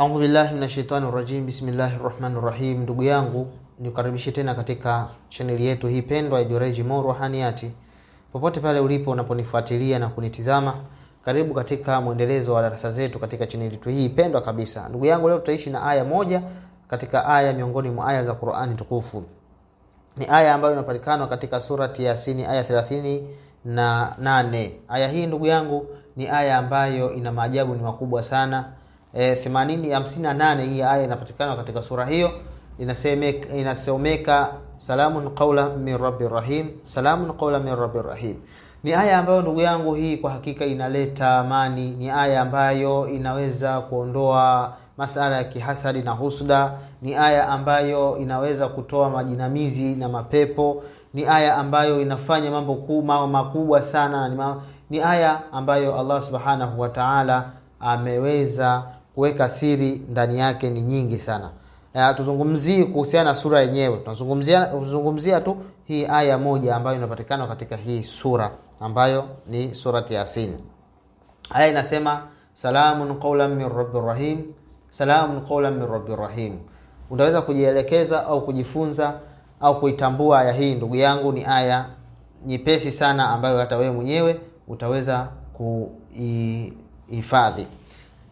Audhu billahi minashaitani rajim. Bismillahi rahmani rahim. Ndugu yangu, nikukaribishe tena katika chaneli yetu hii pendwa ya Jureej Mo Ruhaniyati. Popote pale ulipo unaponifuatilia na kunitizama, karibu katika mwendelezo wa darasa zetu katika chaneli yetu hii pendwa kabisa. Ndugu yangu, leo tutaishi na aya moja katika aya miongoni mwa aya za Qur'ani tukufu. Ni aya ambayo inapatikana katika surati Yasini aya 30 na nane Aya hii ndugu yangu ni aya ambayo ina maajabu ni makubwa sana 80 eh, 58 hii aya inapatikana katika sura hiyo, inasemeka inasomeka salamun qawla min rabbir rahim, salamun qawla min rabbir rahim. Ni aya ambayo ndugu yangu, hii kwa hakika inaleta amani. Ni aya ambayo inaweza kuondoa masala ya kihasadi na husda. Ni aya ambayo inaweza kutoa majinamizi na mapepo. Ni aya ambayo inafanya mambo kuma makubwa sana. Ni aya ambayo Allah subhanahu wa ta'ala ameweza kuweka siri ndani yake ni nyingi sana tuzungumzii kuhusiana na sura yenyewe tunazungumzia tu hii aya moja ambayo inapatikana katika hii sura ambayo ni surati yasin aya inasema salamun qaulan min rabbi rahim salamun qaulan min rabbi rahim utaweza kujielekeza au kujifunza au kuitambua aya hii ndugu yangu ni aya nyepesi sana ambayo hata wewe mwenyewe utaweza kuihifadhi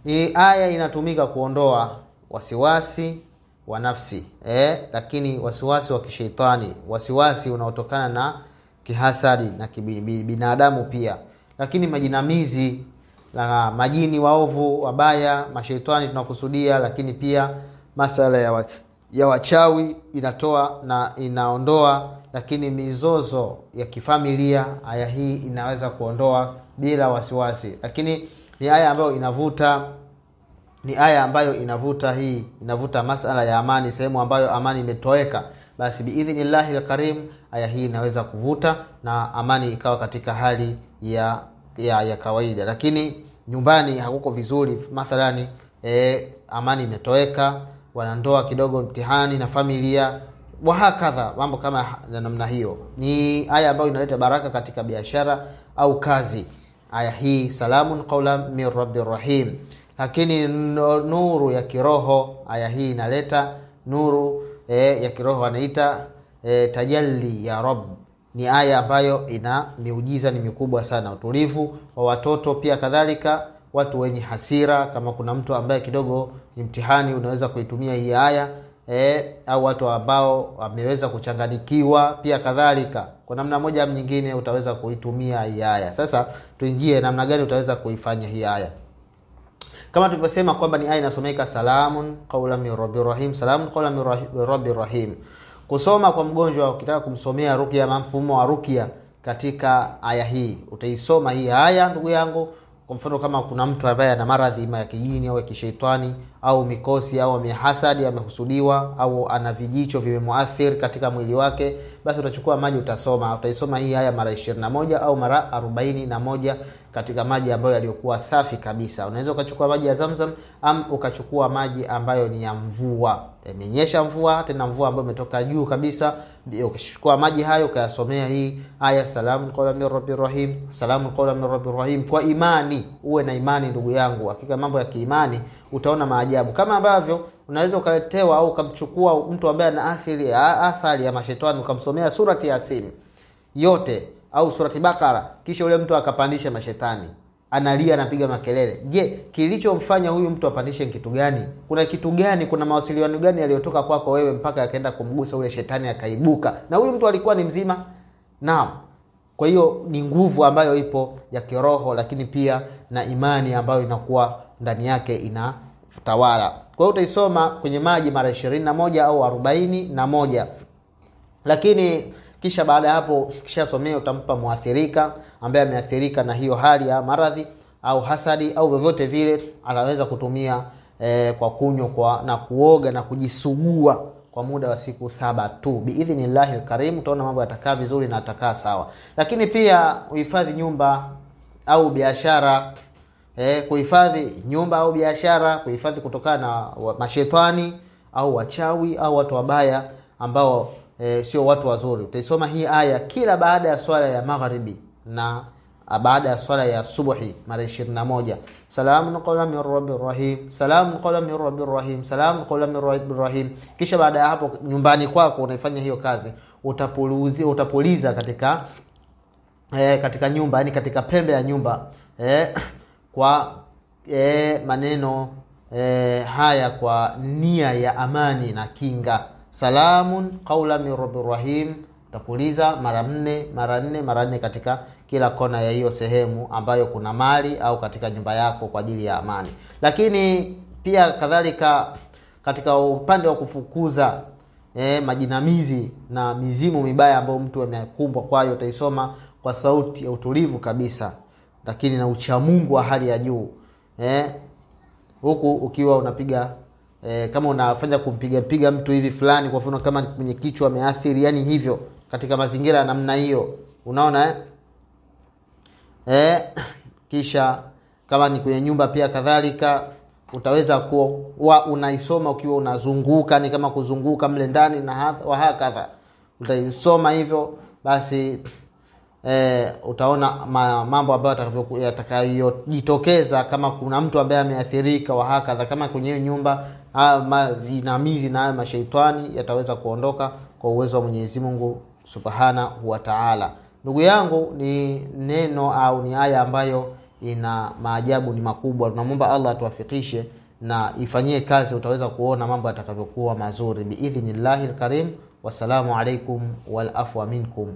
hii aya inatumika kuondoa wasiwasi wa nafsi eh, lakini wasiwasi wa kisheitani, wasiwasi unaotokana na kihasadi na kibinadamu pia, lakini majinamizi la majini waovu wabaya, masheitani tunakusudia, lakini pia masala ya, wa, ya wachawi inatoa na inaondoa, lakini mizozo ya kifamilia aya hii inaweza kuondoa bila wasiwasi, lakini ni aya ambayo inavuta ni aya ambayo inavuta hii inavuta masala ya amani, sehemu ambayo amani imetoweka, basi biidhnillahi lkarim aya hii inaweza kuvuta na amani ikawa katika hali ya ya, ya kawaida. Lakini nyumbani hakuko vizuri, mathalani e, amani imetoweka, wanandoa kidogo mtihani na familia wahakadha, mambo kama na namna hiyo, ni aya ambayo inaleta baraka katika biashara au kazi aya hii salamun qaula min rabbir rahim. Lakini nuru ya kiroho aya hii inaleta nuru e, ya kiroho anaita e, tajalli ya rabb. Ni aya ambayo ina miujiza ni mikubwa sana, utulivu wa watoto pia kadhalika watu wenye hasira. Kama kuna mtu ambaye kidogo ni mtihani, unaweza kuitumia hii aya e, au watu ambao wameweza kuchanganikiwa pia kadhalika. Kwa namna moja au nyingine utaweza kuitumia hii aya. Sasa tuingie namna gani utaweza kuifanya hii aya. Kama tulivyosema kwamba ni aya inasomeka salamun qaulan min rahim, salamun qaulan min rahim. Kusoma kwa mgonjwa ukitaka kumsomea rukia, mfumo wa rukia katika aya hii utaisoma hii aya, ndugu yangu. Kwa mfano kama kuna mtu ambaye ana maradhi ya kijini au ya kisheitani au mikosi au amehasadi, amehusudiwa au ana vijicho vimemwathir katika mwili wake, basi utachukua maji utasoma, utaisoma hii haya mara 21 au mara na moja katika maji ambayo yaliyokuwa safi kabisa. Unaweza ukachukua maji ya Zamzam am ukachukua maji ambayo ni ya mvua, imenyesha mvua, tena mvua ambayo imetoka juu kabisa. Ukachukua maji hayo ukayasomea hii aya, salamu qawlan min rabbir rahim, salamu qawlan min rabbir rahim, kwa imani. Uwe na imani ndugu yangu, hakika mambo ya kiimani utaona maajabu ajabu, kama ambavyo unaweza ukaletewa au ukamchukua mtu ambaye ana athiri athari ya mashetani ukamsomea surati Yasin yote au surati Bakara, kisha yule mtu akapandisha mashetani, analia, anapiga makelele. Je, kilichomfanya huyu mtu apandishe kitu gani? Kuna kitu gani? Kuna mawasiliano gani yaliyotoka kwako wewe mpaka yakaenda kumgusa ule shetani akaibuka? Na huyu mtu alikuwa ni mzima. Naam. Kwa hiyo ni nguvu ambayo ipo ya kiroho, lakini pia na imani ambayo inakuwa ndani yake ina tawala. Kwa hiyo utaisoma kwenye maji mara moja au moja lakini kisha baada ya hapo kishasomea, utampa mwathirika ambaye ameathirika na hiyo hali ya maradhi au hasadi au vyovyote vile, anaweza kutumia eh, kwa kunywa kwa na kuoga na kujisugua kwa muda wa siku saba tu biidhnillahi lkarimu. Utaona mambo yatakaa vizuri na atakaa sawa, lakini pia uhifadhi nyumba au biashara eh, kuhifadhi nyumba au biashara, kuhifadhi kutokana na mashetani au wachawi au watu wabaya ambao eh, sio watu wazuri. Utaisoma hii aya kila baada ya swala ya magharibi na ah, baada ya swala ya subuhi mara 21. Salamun qawlan min rabbir rahim, min rabbir rahim, min rabbir rahim. Kisha baada ya hapo nyumbani kwako unaifanya hiyo kazi, utapuliza, utapuliza katika eh, katika nyumba yani katika pembe ya nyumba eh, kwa e, maneno e, haya kwa nia ya amani na kinga. Salamun qaula min rabbir rahim, utapuliza mara nne mara nne mara nne katika kila kona ya hiyo sehemu ambayo kuna mali au katika nyumba yako kwa ajili ya amani. Lakini pia kadhalika katika upande wa kufukuza eh, majinamizi na mizimu mibaya ambayo mtu amekumbwa kwayo, utaisoma kwa sauti ya utulivu kabisa lakini na uchamungu wa hali ya juu eh, huku ukiwa unapiga eh, kama unafanya kumpiga piga mtu hivi fulani, kwa mfano kama kwenye kichwa ameathiri, yani hivyo katika mazingira ya namna hiyo, unaona eh? Eh, kisha kama ni kwenye nyumba pia kadhalika utaweza kuwa unaisoma ukiwa unazunguka, ni kama kuzunguka mle ndani na wahakadha, utaisoma hivyo basi e, utaona ma, mambo ambayo yatakayojitokeza kama kuna mtu ambaye ameathirika wa hakadha, kama kwenye hiyo nyumba vinamizi na mashaitani yataweza kuondoka kwa uwezo wa Mwenyezi Mungu Subhanahu wa Ta'ala. Ndugu yangu, ni neno au ni aya ambayo ina maajabu ni makubwa. Tunamwomba Allah atuwafikishe na ifanyie kazi, utaweza kuona mambo yatakavyokuwa mazuri biidhnillahi lkarim. Wassalamu alaikum walafwa minkum.